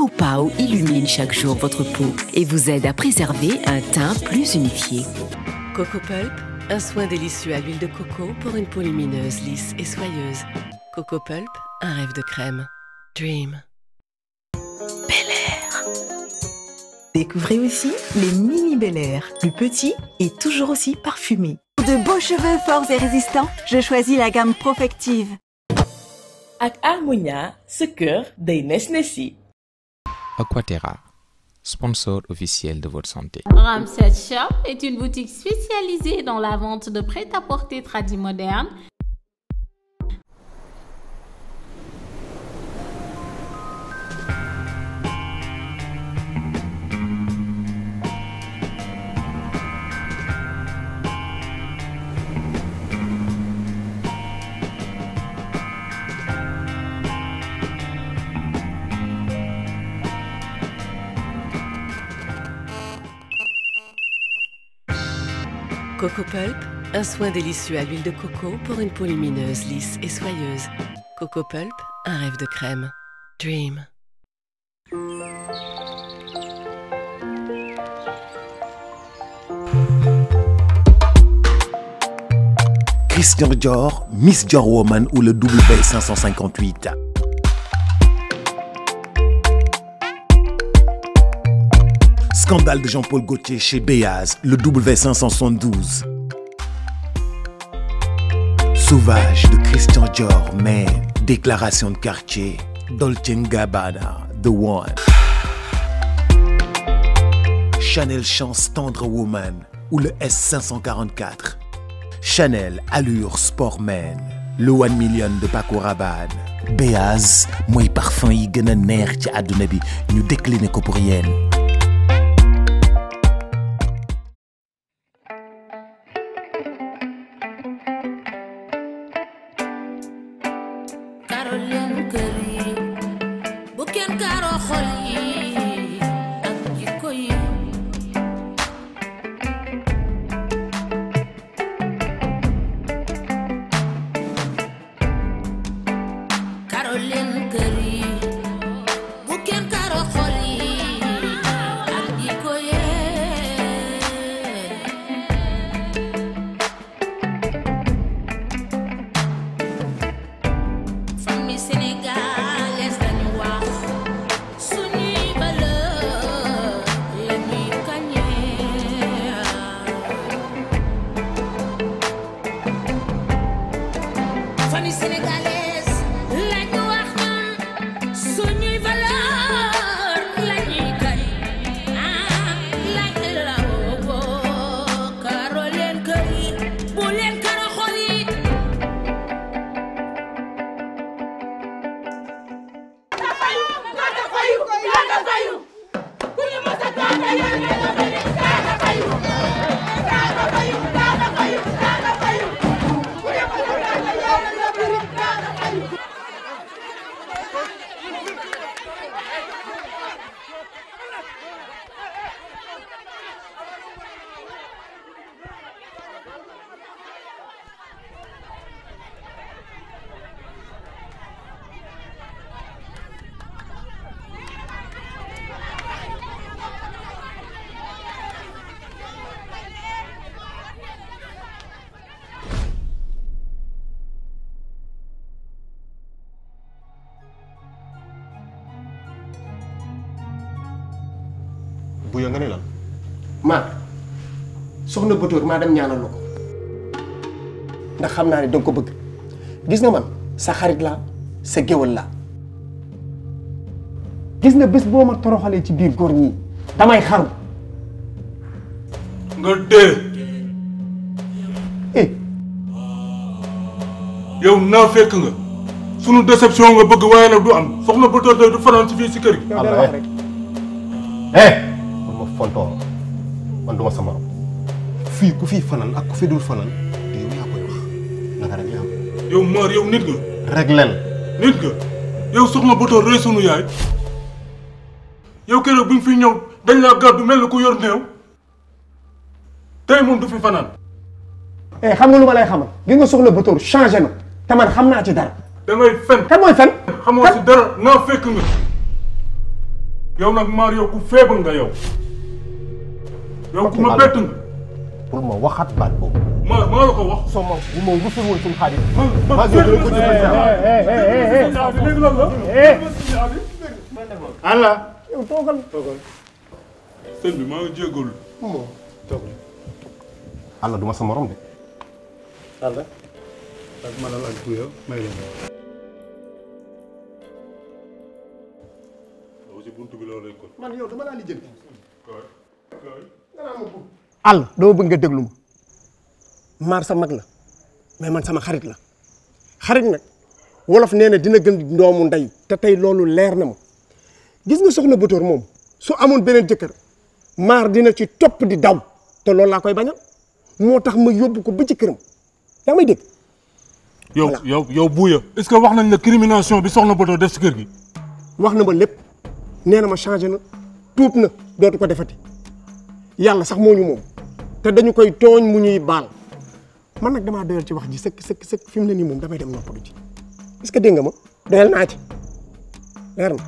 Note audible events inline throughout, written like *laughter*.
Pau Pau illumine chaque jour votre peau et vous aide à préserver un teint plus unifié. Coco Pulp, un soin délicieux à l'huile de coco pour une peau lumineuse, lisse et soyeuse. Coco Pulp, un rêve de crème. Dream. Bel Air. Découvrez aussi les mini Bel Air, plus petits et toujours aussi parfumés. Pour de beaux cheveux forts et résistants, je choisis la gamme Profective. Ak Harmonia, ce cœur des Aquaterra, sponsor officiel de votre santé. Ramset Shop est une boutique spécialisée dans la vente de prêt-à-porter tradis modernes Coco Pulp, un soin délicieux à l'huile de coco pour une peau lumineuse, lisse et soyeuse. Coco Pulp, un rêve de crème. Dream. Christian Dior, Miss Dior Woman ou le W558. Scandale de Jean-Paul Gaultier chez Béaz, le W572. Sauvage de Christian Dior, mais déclaration de quartier, Dolce Gabbana, The One. Chanel Chance Tendre Woman ou le S544. Chanel Allure Sportman, le One Million de Paco Rabanne. Béaz moi parfum yi gën a neex pour bu nga ne lan. maa soxna Bator maa dem ñaanal ko ndax xam naa ne danga ko bëgg gis nga man sa xarit la sa géwal laa gis nga bés boo ma toroxalee ci biir góor ñi damay xaru. nga dee. eh. yow naa fekk nga. sunu déception nga bëgg waaye nag du am soxna Bator tey du fanaan si fii si kër gi. yow rek. Eh. tonton man duma sa morom fii ku fii fanaan ak ku fi dul fanaan yow yaa koy wax naka rek yaa yow maar yow nit nga. rek leen. nit nga yow soxna Boto rëy sunu yaay yow keroog bi mu fi ñëw dañ laa gàddu mel ni yor néew moom du fi fanaan. Eh, nga lu ma lay xamal soxla Boto changé na te man xam naa ci dara. da fen. kan mooy fen. xamoo ci dara naa fekk nga. yow nag maar yow ku feebal nga yow. yow ku ma bett nga pour ma waxaat baat ma ma la ko wax. ma bu ma rusul woon suñu ma ma allah. Eh, eh, eh, yow toogal toogal. sëñ bi allah du ma sa morom de. allah. ak ma àll doo bëgg nga déglu ma maar sa mag la mais man sama xarit la xarit nag wolof nee na dina gën ndoomu ndey te tey loolu leer na ma gis nga soxna Bator moom su amoon beneen jëkkër maar dina ci topp di daw te loolu laa koy bañal moo tax ma yóbbu ko ba ci këram yaa may dégg. yow yow yow Buuya est-ce que wax nañ la crimination bi soxna Bator def si kër gi. wax na ma lépp nee na ma changé na tuub na dootu ko defati. yàlla sax moo ñu moom te dañu koy tooñ mu ñuy baal man nag damaa doyal ci wax ji sëkk sëkk sëkk fi mu ne nii moom damay dem noppalu ji est-ce que dégg ma doyal naa ci leer na.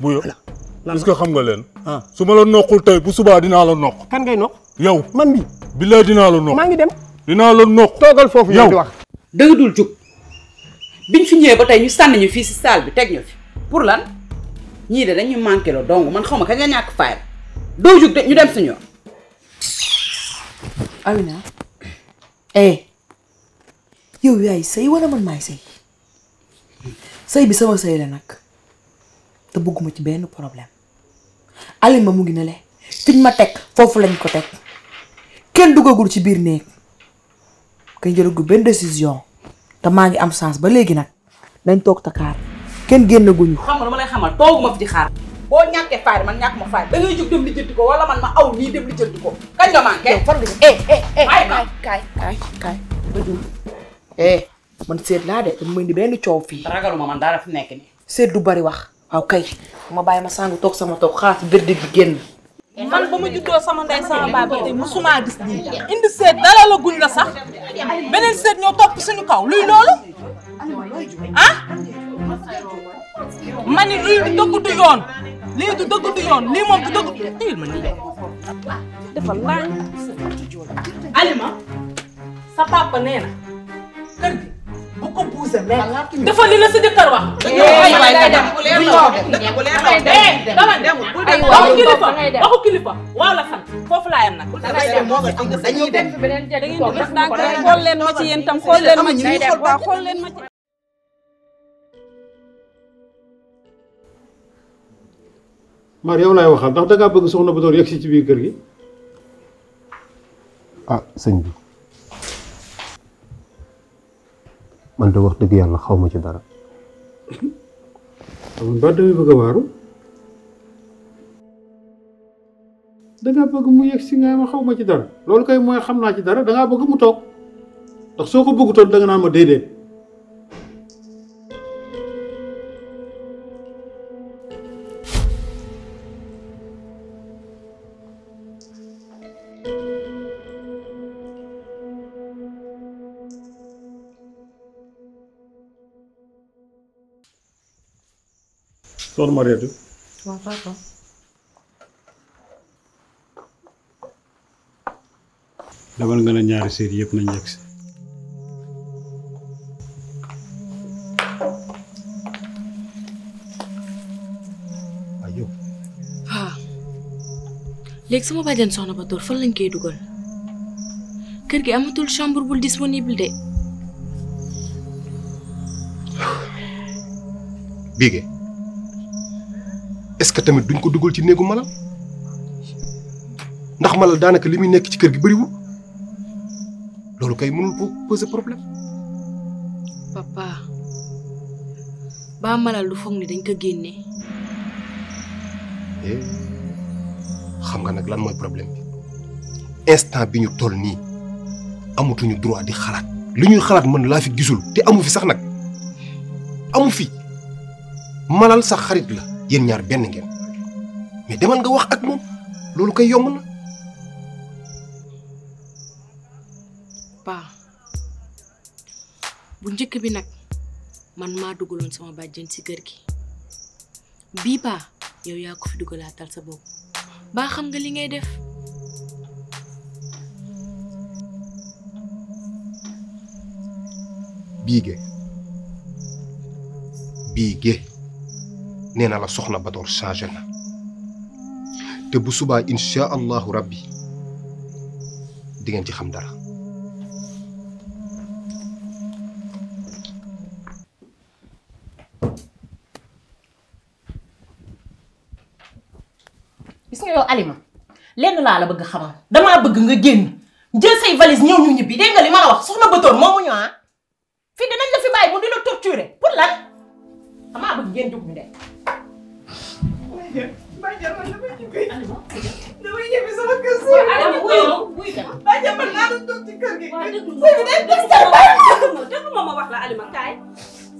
buyo est-ce que xam nga leen. Ah. su ma la noqul tey bu subaa dinaa la noq. kan ngay noq. yow man bi billaay dinaa la noq. maa ngi dem dinaa la noq. toogal foofu yow di wax. da nga dul jug biñ fi ñëwee ba tey ñu sànni ñu fii si salle bi teg ñu fi pour lan ñii de dañuy manqué la dong man xaw ma kañ la ñàkk faay dem suñu amina eh yow yaay sëy wala man maay sëy say. bi sama sëy la nag te bëgguma ci benn problème alima mu ngi ne le ma tek, foofu lañ ko teg kenn dugagul ci biir néeg kenn jëlagul benn décision te maa ngi am chance ba léegi nag nañ toog takaar kenn génnaguñu xam nga dama lay xamal tooguma fi di xaar bo ñaké faari man ñak ma faari da ngay jóg dem li jënd ko wala man ma aw nii dem li jënd ko kañ nga manké eh eh eh kay kay kay kay ba dul eh man sét la dé dañ ma indi benn coow fii. ragaluma man dara fi nekk ni sét du bari wax. waaw kay ma bàyyi ma sàngu toog sama toog xaas verdict bi genn man bama ma sama ndey sama baay ba tay musuma gis nii indi sét dala la guñ la sax benen sét ñoo top suñu kaw luy loolu ah mani ni luy dëgg du yoon lii du dëgg du yoon lii moom du dëgg téyel ma nii dafa laañ alima sa papa nee na kër gi bu ko buuse mais dafa li la sa jëkkër wax ay waay da dem bu leer la dem bu leer la dem dama dem bu dem waxu kilifa waxu kilifa waaw la sant foofu laa yem nag dañuy dem fi beneen jëg toog ndax Mar yow laay waxal ndax dangaa bëgg soxna bu doon yegg si ci biir kër gi. ah sëñ bi man de wax dëgg yàlla xaw ma ci dara. *laughs* amul ba damay bëgg a waaru. dangaa bëgg mu yegg si nga ma xaw ma ci dara loolu kay mooy xam naa ci dara dangaa bëgg mu toog ndax soo ko bëggutoon danga naan ma déedéet. loolu ma reetu waaw papa demal ah. bàjjan soxna ba tóor fan lañ koy dugal kër gi amatul chambre bu disponible de bigé te tamit duñ ko duggal ci neegu malal ndax malal daanaka li muy nekk ci kër gi bëriwul lolu kay mënul ko poser problème. papa ba malal lu foog ne dañ ko eh xam nga nak lan moy problème bi instant bi ñu toll amutu ñu droit di xalat li ñuy xalat mën la fi gisul te amu fi sax nak amu fi malal sax xarit la yéen ñaar benn ngeen mais ya, demal nga wax ak mom lolu kay yomb na pa bu ñëk bi nak man ma dugulon sama bàjjen ci kër gi bi pa yow ya ko fi dugalaatal sa bop ba xam nga li ngay def biige biige nee na la soxna Batoor changé na te bu subaa incha allahu rabbi di ngeen ci xam dara. gis nga yow Alima lenn laa la bëgg xamal damaa bëgg nga génn jël say valise ñëw ñu ñibbi dégg nga li ma la Batoor moomu ñu ah fii dinañ la fi bàyyi bu dina torturer pour lan. amaa bëgg ngeen jóg de Iya. Banyak namanya juga. Namanya bisa makasih. Iya, ada buyo. Banyak menaruh untuk tikar gitu. Saya benda besar banget. Duk mama wakla alima kai.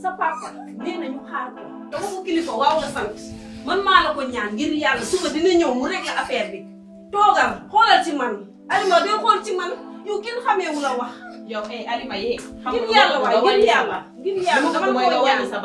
Sa papa neena ñu xaar ko. Dama ko kilifa waaw la sant. Man maa la ko ñaan ngir yàlla suba dina ñëw mu régler affaire bi. Toogal xoolal ci man. Alima doo xool ci man. Yow kenn xameewu la wax. Yow ay Alima yee. Ngir yàlla waay ngir yàlla. Ngir yàlla dama la ko ñaan. sa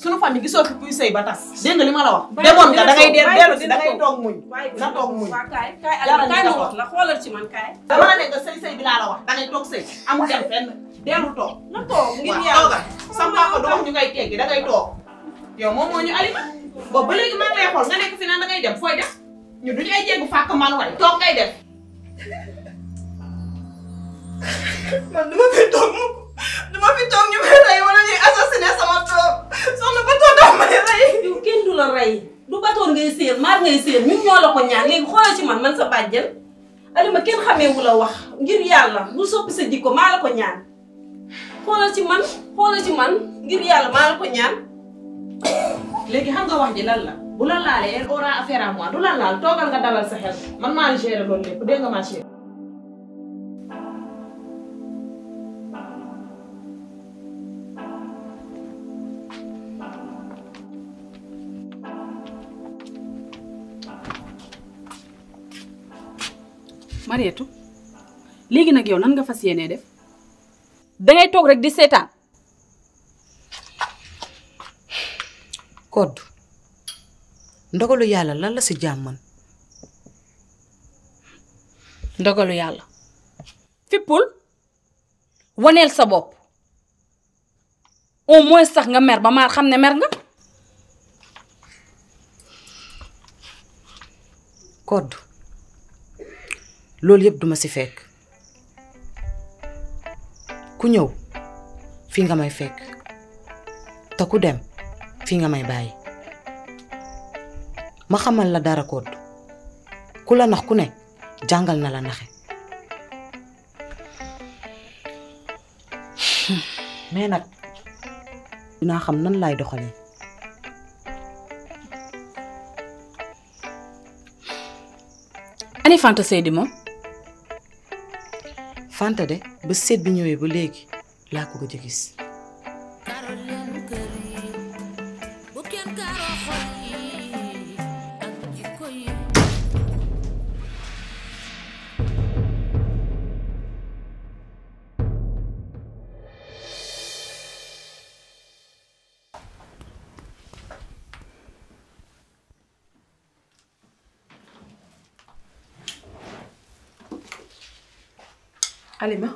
suñu fami gi fi kuy sey ba tas dégg nga li ma la wax demoon nga da ngay der delu si da ngay tok muñ na tok muñ kay kay ma wax la xolal ci man kay dama la ne nga sey sey bi la la wax da ngay tok sey amu dem fenn delu tok na toog ngir yàlla sa papa do wax ñu ngay teggi da ngay tok yow mom moñu alima bo ba legi ma ngi xol nga nek fi na da ngay dem foy def ñu duñ ay jéggu fak man way tok ngay def *laughs* man duma fi tok muñ duma fi toog ñu may rey wala ñuy assassiné ya sama doom soxna batoon daf may rey yow kenn du la rey du batoon ngay séen maar ngay séen ñun ñoo la ko ñaan léegi xoolal ci man man sa bàjjal alima kenn xamee wu la wax ngir yàlla bu soppi sa jikko maa la ko ñaan xoolal ci man xoolal ci man ngir yàlla maa la ko ñaan léegi xam nga wax ji lan la bu la laalee aura affaire à moi du la laal toogal nga dalal sa xel man maa la géré loolu lépp nga ma chérie Marietou léegi nak yow lan nga fas def def ngay tok rek di setan kod ndogalu yalla lan la si jamman man ndogalu yàlla. fippul sa bop au moins sax nga mer ba ma xamne mer nga. kod. loolu yëpp duma ci fekk ku ñëw fii nga may fekk te ku dem fii nga may bàyyi ma xamal la dara koot ku la nax ku ne jàngal na la naxe *sighs* mais nag dinaa xam nan laay doxalee ani Fanta Seydi moom Fanta de ba set bi ñëwee ba léegi laa ko gëj gis. Alima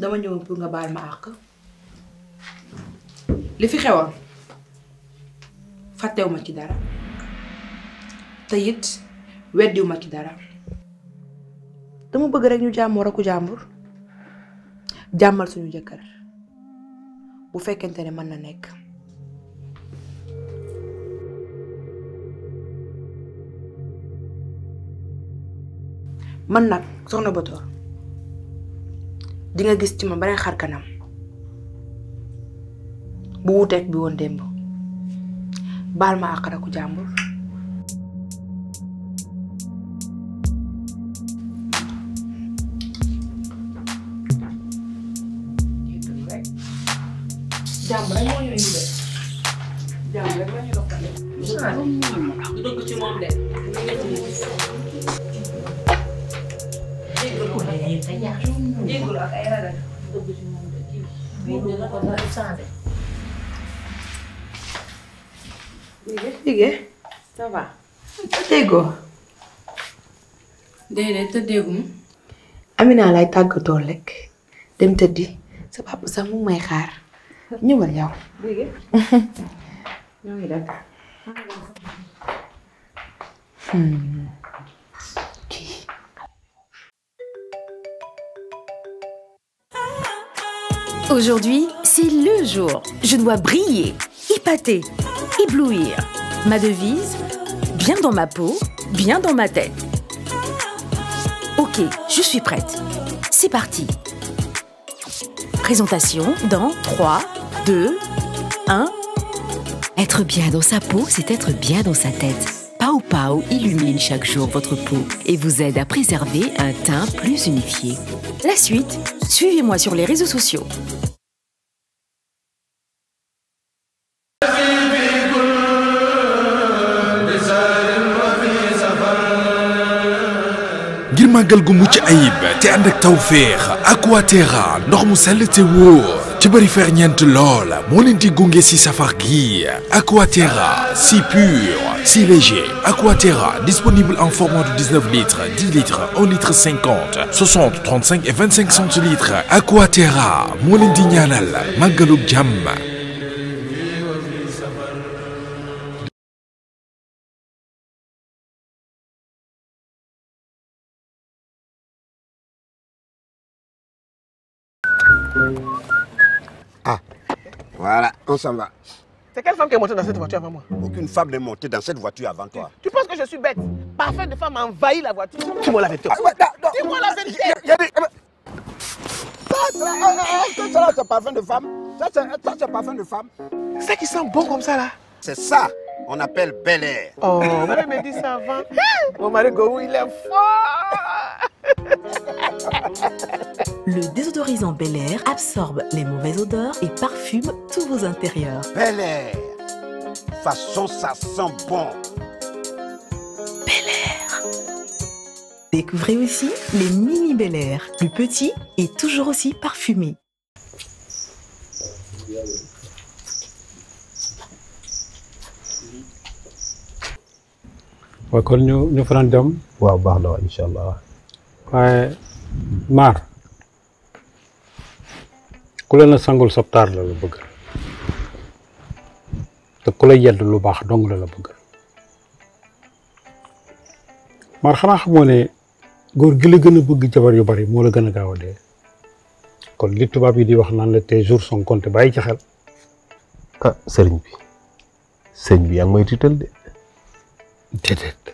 dama ñëwoon pour nga baal ma àq li fi xewoon fàttewuma ci dara te it weddiwuma ci dara dama bëgg rek ñu jàmm war aku jàmbur jàmmal suñu jëkkër bu fekkente ne mën na nekk man nak soxna botor di nga gis ci ma beneen xar kanam bu wuteeg bi woon démb baal ma àq raku jàmbur jàmm rek moo ini indi de jàmm rek la ñu doxale. dëgg ci moom de. yéen te yaatu. Amina lay tàggatoo lekk dem tëddi sa sax mu may xaar ñëwal yow. *laughs* Aujourd'hui, c'est le jour. Je dois briller, épater, éblouir. Ma devise Bien dans ma peau, bien dans ma tête. Ok, je suis prête. C'est parti. Présentation dans 3, 2, 1. Être bien dans sa peau, c'est être bien dans sa tête. Pau illumine chaque jour votre peau et vous aide à préserver un teint plus unifié. La suite, suivez-moi sur les réseaux sociaux. Aquatera gu ayib ci fer lool si safar si pur si léger Aquaterra disponible en format de 19 litres 10 litres 1 litre 50 60 35 et 25 centilitres Aquaterra moo leen di ñaanal màggalug jàmm Voilà, on s'en va. C'est quelle femme qui est montée dans cette voiture avant moi Aucune femme n'est montée dans cette voiture avant toi. Tu penses que je suis bête Parfum de femme a envahi la voiture. Dis-moi la vérité. Ah, Dis-moi la vérité. Y a des... Ah, euh, euh, ah. Ça, c'est parfum de femme. Ça, c'est parfum de femme. C'est qui sent bon comme ça, là C'est ça. On appelle bel air. Oh, vous me dit ça avant. Mon mari Gourou, il est fort. Le désodorisant Bel Air absorbe les mauvaises odeurs et parfume tous vos intérieurs. Bel Air Façon, ça sent bon Bel Air Découvrez aussi les mini Bel Air, plus petits et toujours aussi parfumés. Wa waaye maar ku leen a sangul sabtaar la la bëgg te ku la yedd lu baax dong la la bëgg maar xanaa xamoo ne góor gi la gën a bëgg jabar yu bari moo la gën a gaaw kon li tubaab yi di wax naan la tes jours sont comptés bàyyi ci xel ah sëriñ bi sëriñ bi yaa ngi may tiital de déedéet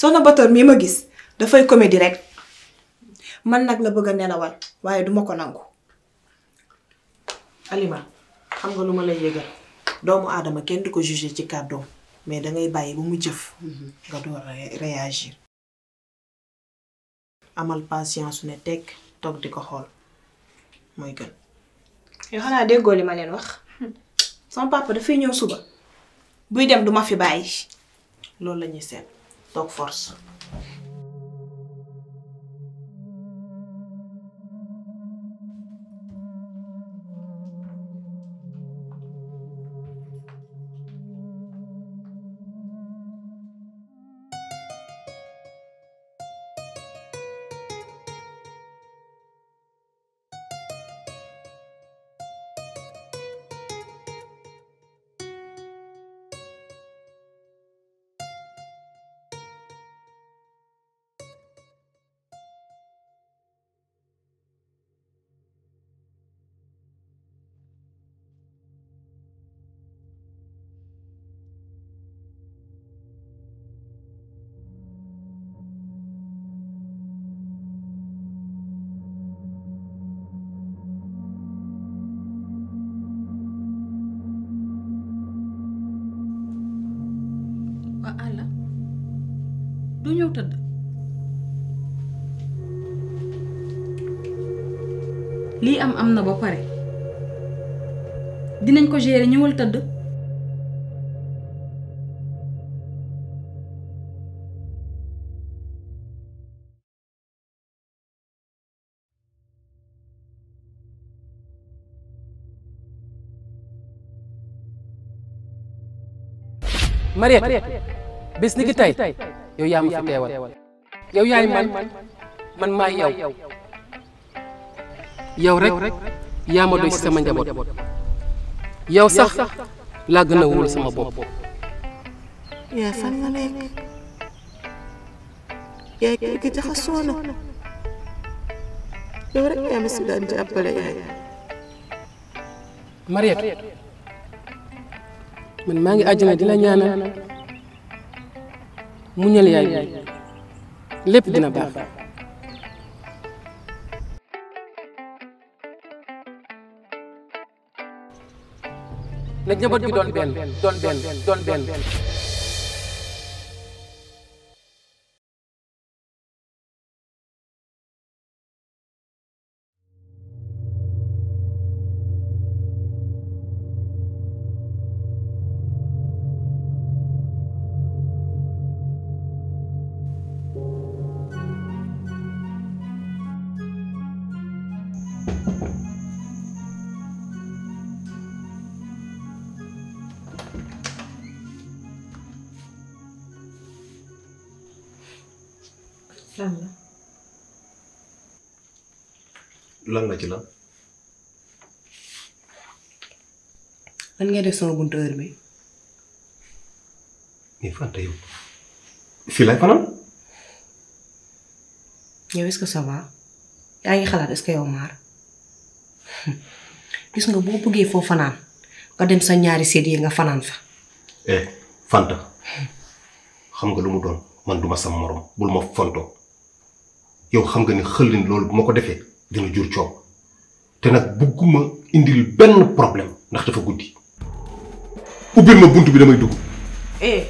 soxna Bator mii ma gis dafay comédie rek man nag la bëgg a nelawal waaye duma ko nangu. Alima xam nga lu ma lay yëgal doomu aadama kenn du ko jugé ci kàddoom mais dangay bàyyi ba mu jëf mhm. nga door réagir. amal patience su ne teg toog di ko xool mooy gën. yoo xanaa déggoo li ma leen wax hmm. sama papa dafay ñëw suba buy dem du ma fi bàyyi loolu la ñuy seet. toque força. doo ñëw lii am am na ba pare dinañ ko gérer ñëwal tëdd yow yaa ma yow yaay man man maay yow yow rek yaa doy si sama njaboot yow sax laa gën a wóolu sama bopp. yaa fan yaay kër gi jaxasoo na yow rek yaa si daan jàppale yaay. Mariette man maa ngi àjjana di la ñaanal. muñal yaay bi lépp dina baax na njaboot gi doon benn doon benn doon benn lan na ci lan lan ngay def sama buntu heure bi mais fanta yow fii lay fanaan yow est ce que ça va ya, yaa ngi xalaat est ce que yow maar gis *laughs* nga boo bëggee foo fanaan nga dem sa ñaari seet yi nga fanaan fa eh fanta xam nga lu mu doon man duma sa morom bul ma fonto yow xam nga ni xëllin loolu bu ma ko defee dina jur coow te nag bugguma indil benn problème ndax dafa guddi ubbil ma bunt bi damay dugg. Eh,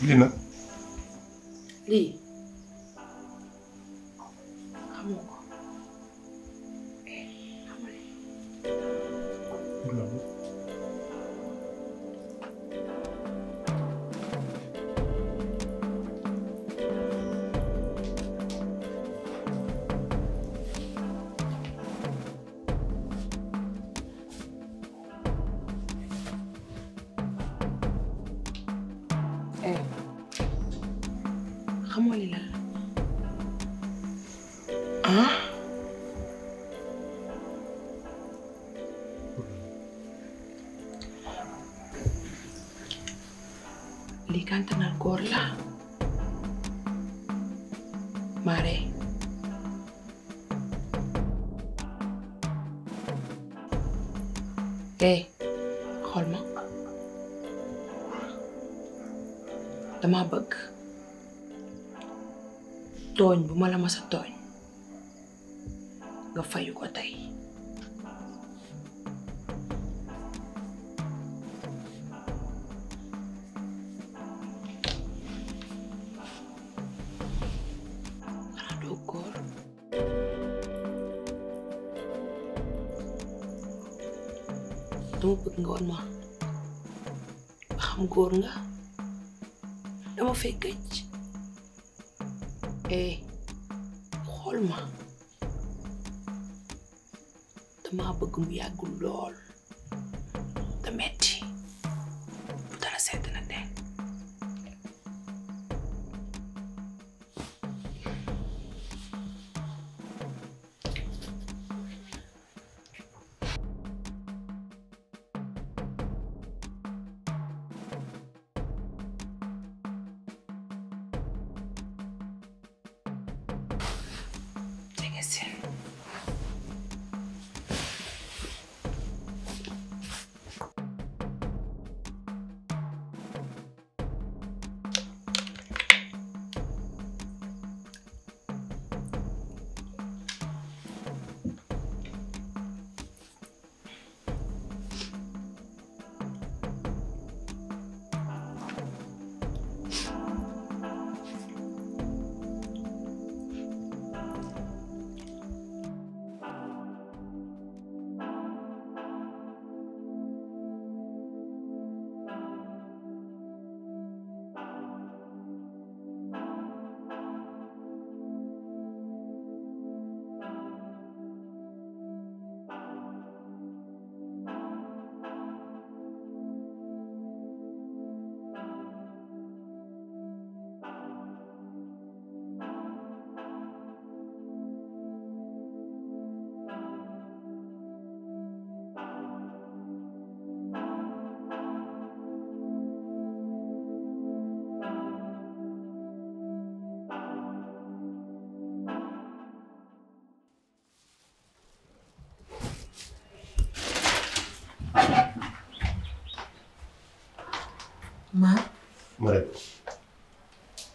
立呢？立。togn bu ma la mas a nga fayu ko tay dama bëgg nga woon ma xam góor eh xool ma bëgg mu lool yesin.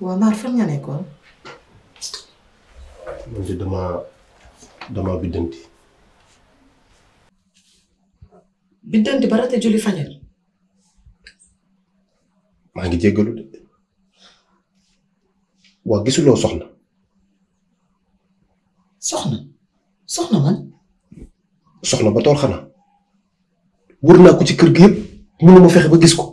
waaw maar fan nga nekkoon. man de damaa damaa biddanti. biddanti ba rate julli fajar. maa ngi jéggalu de waa gisuloo soxna. soxna soxna man. soxna ba tool xanaa. wër naa ko ci kër gi yëpp mënuma fexe ba gis ko.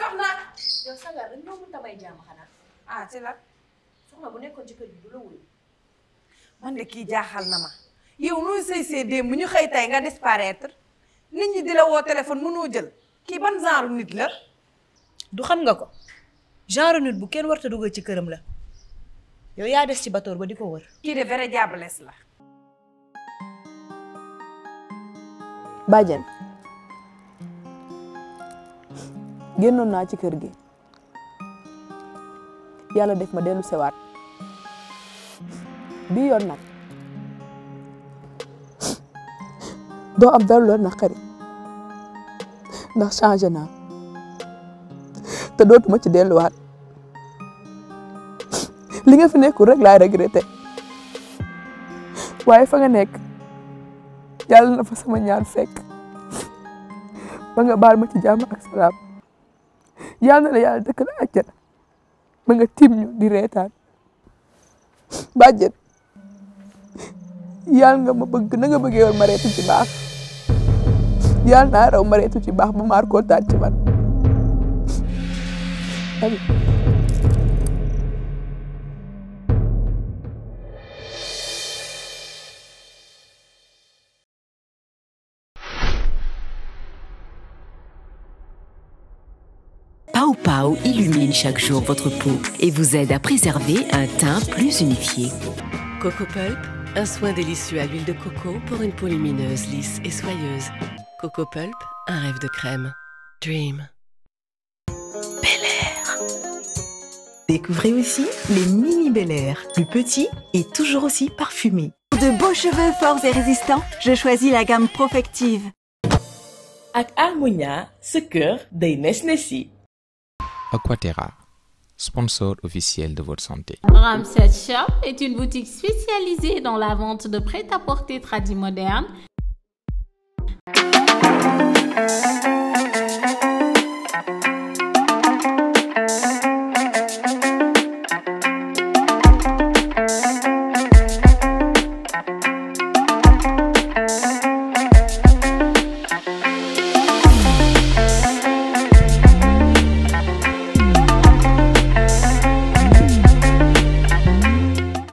soxna. yow sagar dañ ñoo la soxna nekkoon ci kër gi la wuyu. man de kii jaaxal na ma yow nooy sëy démb ñu xëy tey nga disparaître nit ñi di la woo téléphone mënoo jël kii ban genre nit la. du xam nga ko genre nit bu kenn warta duggee ci këram la yow yaa des ci batoor ba di ko wër. kii de vrai diablesse la. Badiane. génnoon naa ci kër gi yàlla def ma dellu sewaat bi yoon nag doo am dara lool naqari ndax changé naa te dootuma ci delluwaat li nga fi nekkul rek laay regretté waaye fa nga nekk yàlla na fa sama ñaan fekk ba nga baal ma ci jàmm ak salaam yal na la yàlla dëkk la àjjana ba nga tiim ñu di reetaan bàjjen nga ma bëgg na nga bëggee woon ma reetu ci baax raw ma reetu ci baax ba maar kontaan illumine chaque jour votre peau et vous aide à préserver un teint plus unifié. Coco Pulp, un soin délicieux à l'huile de coco pour une peau lumineuse, lisse et soyeuse. Coco Pulp, un rêve de crème. Dream. Bel Air. Découvrez aussi les mini Bel Air, plus petits et toujours aussi parfumés. Pour de beaux cheveux forts et résistants, je choisis la gamme Profective. Ak Harmonia, ce cœur Nesnesi. Aquaterra, sponsor officiel de votre santé. Ramset Shop est une boutique spécialisée dans la vente de prêt-à-porter tradis modernes.